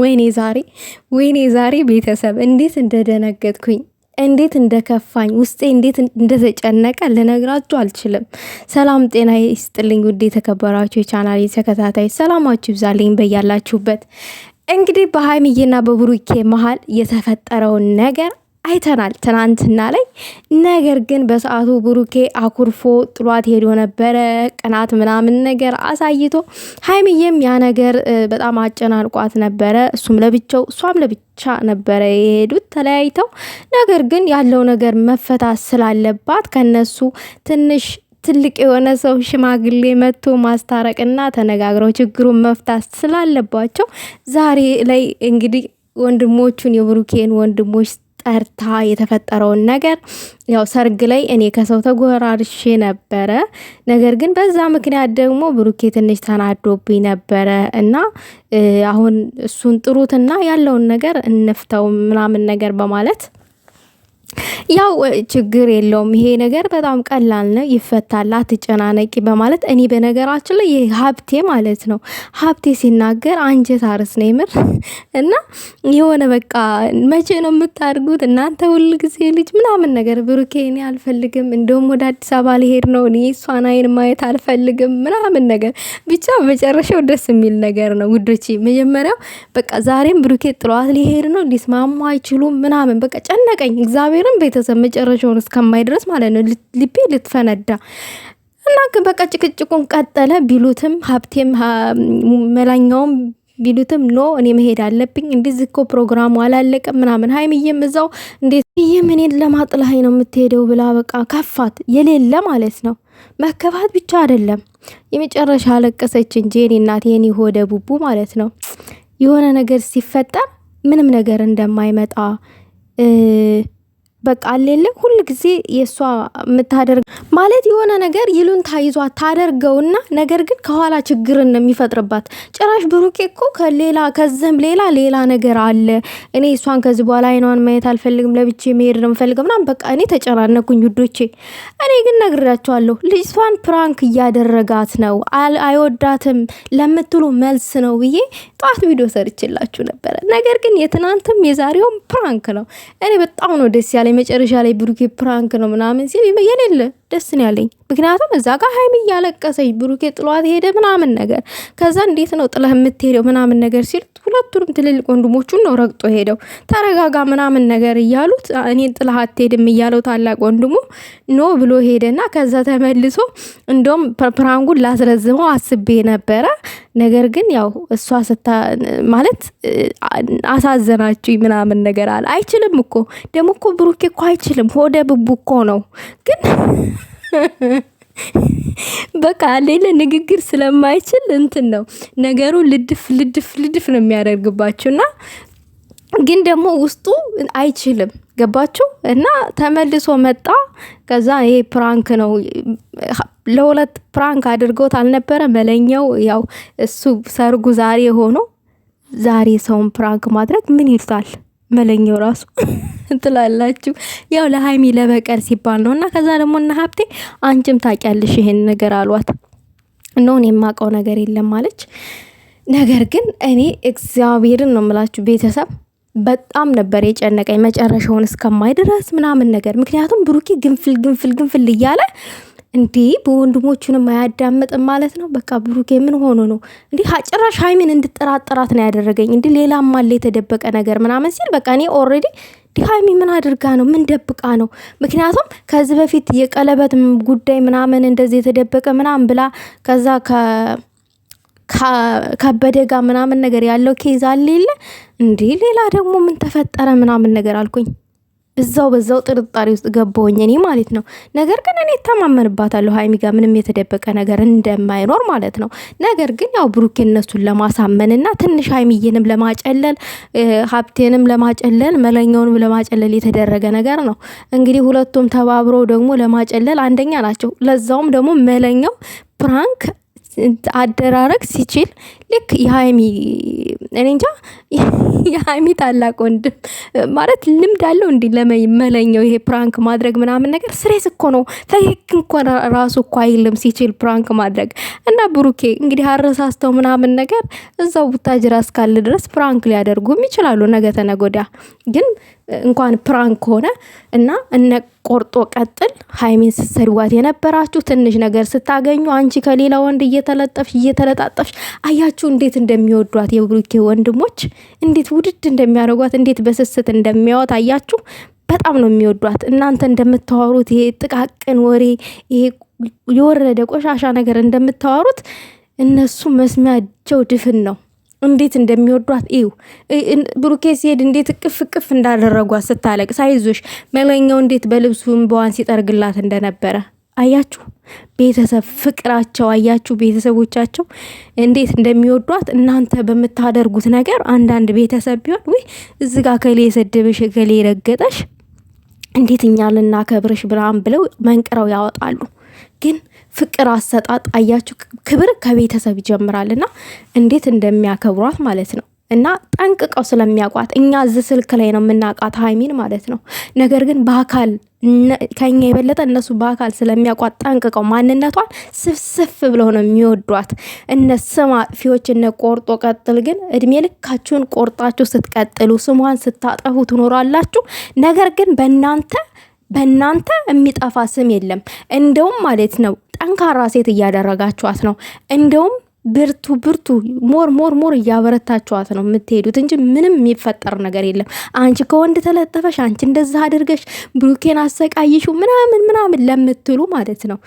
ወይኔ ዛሬ ወይኔ ዛሬ ቤተሰብ እንዴት እንደደነገጥኩኝ እንዴት እንደከፋኝ ውስጤ እንዴት እንደተጨነቀ ልነግራችሁ አልችልም። ሰላም ጤና ይስጥልኝ ውድ የተከበራችሁ የቻናል ተከታታይ ሰላማችሁ ይብዛልኝ በያላችሁበት። እንግዲህ በሀይምዬና በብሩኬ መሀል የተፈጠረውን ነገር አይተናል ትናንትና ላይ። ነገር ግን በሰዓቱ ብሩኬ አኩርፎ ጥሏት ሄዶ ነበረ። ቅናት ምናምን ነገር አሳይቶ ሀይምዬም ያ ነገር በጣም አጨናንቋት ነበረ። እሱም ለብቻው እሷም ለብቻ ነበረ የሄዱት ተለያይተው። ነገር ግን ያለው ነገር መፈታት ስላለባት ከነሱ ትንሽ ትልቅ የሆነ ሰው ሽማግሌ መጥቶ ማስታረቅና ተነጋግረው ችግሩን መፍታት ስላለባቸው ዛሬ ላይ እንግዲህ ወንድሞቹን የብሩኬን ወንድሞች ጠርታ የተፈጠረውን ነገር ያው ሰርግ ላይ እኔ ከሰው ተጎራርሼ ነበረ። ነገር ግን በዛ ምክንያት ደግሞ ብሩኬ ትንሽ ተናዶብኝ ነበረ እና አሁን እሱን ጥሩትና ያለውን ነገር እንፍተው ምናምን ነገር በማለት ያው ችግር የለውም ይሄ ነገር በጣም ቀላል ነው፣ ይፈታል፣ አትጨናነቂ በማለት እኔ በነገራችን ላይ ሀብቴ ማለት ነው ሀብቴ ሲናገር አንጀት አርስ ነው የምር እና የሆነ በቃ መቼ ነው የምታድጉት እናንተ ሁል ጊዜ ልጅ ምናምን ነገር ብሩኬ እኔ አልፈልግም፣ እንደውም ወደ አዲስ አበባ ሊሄድ ነው እኔ እሷን አይን ማየት አልፈልግም ምናምን ነገር ብቻ መጨረሻው ደስ የሚል ነገር ነው ውዶች። መጀመሪያው በቃ ዛሬም ብሩኬ ጥሏት ሊሄድ ነው ሊስማሙ አይችሉም ምናምን በቃ ጨነቀኝ እግዚአብሔር አልነግርም ቤተሰብ መጨረሻውን እስከማይ ድረስ ማለት ነው። ልቤ ልትፈነዳ እና በቃ ጭቅጭቁን ቀጠለ። ቢሉትም ሀብቴም መላኛውም ቢሉትም ኖ እኔ መሄድ አለብኝ፣ እንደዚህ እኮ ፕሮግራሙ አላለቀም ምናምን። ሀይምዬም እዛው እንዴት ብዬ እኔን ለማጥላሀይ ነው የምትሄደው ብላ በቃ ከፋት። የሌለ ማለት ነው መከፋት ብቻ አይደለም የመጨረሻ አለቀሰች እንጂ የኔ እናት የኔ ሆደ ቡቡ ማለት ነው የሆነ ነገር ሲፈጠር ምንም ነገር እንደማይመጣ በቃ አሌለ ሁል ጊዜ የእሷ የምታደርግ ማለት የሆነ ነገር ይሉን ይዟት ታደርገውና ነገር ግን ከኋላ ችግርን ነው የሚፈጥርባት። ጭራሽ ብሩኬ እኮ ከሌላ ከዘም ሌላ ሌላ ነገር አለ። እኔ እሷን ከዚህ በኋላ አይኗን ማየት አልፈልግም፣ ለብቼ መሄድ ነው የምፈልገው ምናምን በቃ እኔ ተጨናነኩኝ ውዶቼ። እኔ ግን ነግሬያቸዋለሁ፣ ልጅቷን ፕራንክ እያደረጋት ነው አይወዳትም ለምትሉ መልስ ነው ብዬ ጠዋት ቪዲዮ ሰርችላችሁ ነበረ። ነገር ግን የትናንትም የዛሬውም ፕራንክ ነው። እኔ በጣም ነው ደስ ያለኝ። ላይ መጨረሻ ላይ ብሩኬ ፕራንክ ነው ምናምን ሲል የሌለ ደስ ነው ያለኝ። ምክንያቱም እዛ ጋር ሀይሚ እያለቀሰች ብሩኬ ጥሏት ሄደ ምናምን ነገር፣ ከዛ እንዴት ነው ጥለህ የምትሄደው ምናምን ነገር ሲል ሁለቱንም ትልልቅ ወንድሞቹን ነው ረግጦ ሄደው ተረጋጋ ምናምን ነገር እያሉት እኔን ጥለህ አትሄድም እያለው ታላቅ ወንድሙ ኖ ብሎ ሄደና ከዛ ተመልሶ እንደውም ፕራንጉን ላስረዝመው አስቤ ነበረ። ነገር ግን ያው እሷ ስታ ማለት አሳዘናችሁ ምናምን ነገር አለ። አይችልም እኮ ደግሞ እኮ ብሩኬ እኮ አይችልም ሆደ ብቡ እኮ ነው ግን በቃ ሌለ ንግግር ስለማይችል እንትን ነው ነገሩ ልድፍ ልድፍ ልድፍ ነው የሚያደርግባችሁና ግን ደግሞ ውስጡ አይችልም። ገባችሁ? እና ተመልሶ መጣ። ከዛ ይሄ ፕራንክ ነው ለሁለት ፕራንክ አድርጎት አልነበረ መለኛው። ያው እሱ ሰርጉ ዛሬ ሆኖ ዛሬ ሰውን ፕራንክ ማድረግ ምን ይሉታል? መለኛው ራሱ ትላላችሁ ያው ለሀይሚ ለበቀል ሲባል ነው። እና ከዛ ደግሞ እና ሀብቴ አንቺም ታውቂያለሽ ይሄን ነገር አሏት። እነሆን የማውቀው ነገር የለም ማለች። ነገር ግን እኔ እግዚአብሔርን ነው የምላችሁ ቤተሰብ በጣም ነበር የጨነቀኝ መጨረሻውን እስከማይ ድረስ ምናምን ነገር ምክንያቱም ብሩኬ ግንፍል ግንፍል ግንፍል እያለ እንዴ በወንድሞቹንም አያዳምጥም ማለት ነው። በቃ ብሩኬ ምን ሆኖ ነው እንዲህ ጭራሽ ሀይሚን እንድጠራጠራት ነው ያደረገኝ። እንዲህ ሌላም አለ የተደበቀ ነገር ምናምን ሲል በቃ እኔ ኦልሬዲ እንዲህ ምን አድርጋ ነው ምን ደብቃ ነው? ምክንያቱም ከዚህ በፊት የቀለበት ጉዳይ ምናምን እንደዚህ የተደበቀ ምናምን ብላ ከዛ ከበደ ጋር ምናምን ነገር ያለው ኬዝ አለ የለ እንዲህ ሌላ ደግሞ ምን ተፈጠረ ምናምን ነገር አልኩኝ። እዛው በዛው ጥርጣሬ ውስጥ ገባሁኝ እኔ ማለት ነው። ነገር ግን እኔ እተማመንባታለሁ ሀይሚ ጋር ምንም የተደበቀ ነገር እንደማይኖር ማለት ነው። ነገር ግን ያው ብሩኬ እነሱን ለማሳመንና ትንሽ ሀይሚዬንም ለማጨለል ሀብቴንም ለማጨለል መለኛውንም ለማጨለል የተደረገ ነገር ነው። እንግዲህ ሁለቱም ተባብረው ደግሞ ለማጨለል አንደኛ ናቸው። ለዛውም ደግሞ መለኛው ፕራንክ አደራረግ ሲችል ልክ የሀይሚ እኔ እንጃ የሀይሚ ታላቅ ወንድም ማለት ልምድ አለው እንዲ ለመለኛው ይሄ ፕራንክ ማድረግ ምናምን ነገር ስሬስ እኮ ነው። ተክ እንኳ ራሱ እኮ አይልም ሲችል ፕራንክ ማድረግ እና ብሩኬ እንግዲህ አረሳስተው ምናምን ነገር እዛው ቡታጅራ እስካለ ድረስ ፕራንክ ሊያደርጉም ይችላሉ ነገ ተነገ ወዲያ ግን እንኳን ፕራንክ ሆነ እና እነ ቆርጦ ቀጥል ሀይሜን ስትሰድቧት የነበራችሁ ትንሽ ነገር ስታገኙ አንቺ ከሌላ ወንድ እየተለጠፍሽ እየተለጣጠፍሽ አያችሁ እንዴት እንደሚወዷት የብሩኬ ወንድሞች እንዴት ውድድ እንደሚያደርጓት እንዴት በስስት እንደሚያወት አያችሁ። በጣም ነው የሚወዷት። እናንተ እንደምታወሩት ይሄ ጥቃቅን ወሬ ይሄ የወረደ ቆሻሻ ነገር እንደምታወሩት እነሱ መስሚያቸው ድፍን ነው። እንዴት እንደሚወዷት እዩ። ብሩኬ ሲሄድ እንዴት እቅፍ እቅፍ እንዳደረጓት ስታለቅ ሳይዞሽ መለኛው እንዴት በልብሱ በዋን ሲጠርግላት እንደነበረ አያችሁ። ቤተሰብ ፍቅራቸው አያችሁ። ቤተሰቦቻቸው እንዴት እንደሚወዷት እናንተ በምታደርጉት ነገር አንዳንድ ቤተሰብ ቢሆን ወይ እዚጋ ከሌ የሰደበሽ ከሌ የረገጠሽ እንዴት እኛ ልናከብርሽ ብርሃን ብለው መንቅረው ያወጣሉ። ግን ፍቅር አሰጣጥ አያችሁ፣ ክብር ከቤተሰብ ይጀምራል እና እንዴት እንደሚያከብሯት ማለት ነው። እና ጠንቅቀው ስለሚያውቋት እኛ እዚህ ስልክ ላይ ነው የምናውቃት ሀይሚን ማለት ነው። ነገር ግን በአካል ከኛ የበለጠ እነሱ በአካል ስለሚያውቋት ጠንቅቀው ማንነቷን ስፍስፍ ብለው ነው የሚወዷት። እነ ስም አጥፊዎች እነ ቆርጦ ቀጥል ግን እድሜ ልካችሁን ቆርጣችሁ ስትቀጥሉ ስሟን ስታጠፉ ትኖራላችሁ። ነገር ግን በእናንተ በእናንተ የሚጠፋ ስም የለም። እንደውም ማለት ነው ጠንካራ ሴት እያደረጋችኋት ነው። እንደውም ብርቱ ብርቱ ሞር ሞር ሞር እያበረታችኋት ነው የምትሄዱት እንጂ ምንም የሚፈጠር ነገር የለም። አንቺ ከወንድ ተለጠፈሽ፣ አንቺ እንደዛ አድርገሽ ብሩኬን አሰቃይሹ ምናምን ምናምን ለምትሉ ማለት ነው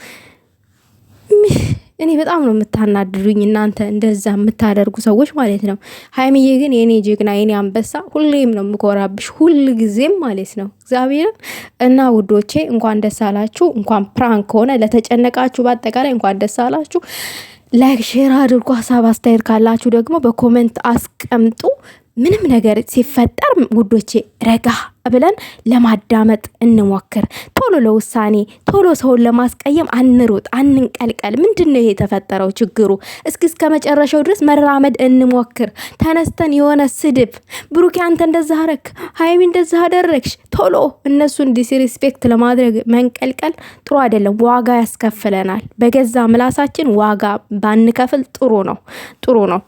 እኔ በጣም ነው የምታናድዱኝ እናንተ እንደዛ የምታደርጉ ሰዎች ማለት ነው። ሀይሚዬ ግን የኔ ጀግና የኔ አንበሳ ሁሌም ነው የምኮራብሽ፣ ሁል ጊዜም ማለት ነው እግዚአብሔርን እና ውዶቼ እንኳን ደስ አላችሁ። እንኳን ፕራንክ ከሆነ ለተጨነቃችሁ በአጠቃላይ እንኳን ደስ አላችሁ። ላይክ ሼር አድርጎ ሀሳብ አስተያየት ካላችሁ ደግሞ በኮመንት አስቀምጡ። ምንም ነገር ሲፈጠር ውዶቼ ረጋ ብለን ለማዳመጥ እንሞክር። ቶሎ ለውሳኔ ቶሎ ሰውን ለማስቀየም አንሩጥ፣ አንንቀልቀል። ምንድን ነው የተፈጠረው ችግሩ? እስኪ እስከ መጨረሻው ድረስ መራመድ እንሞክር። ተነስተን የሆነ ስድብ ብሩኬ፣ አንተ እንደዛ አረክ፣ ሀይሚ እንደዛ አደረግሽ፣ ቶሎ እነሱን ዲስሪስፔክት ለማድረግ መንቀልቀል ጥሩ አይደለም፣ ዋጋ ያስከፍለናል። በገዛ ምላሳችን ዋጋ ባንከፍል ጥሩ ነው፣ ጥሩ ነው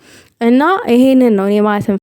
እና ይሄንን ነው እኔ ማለት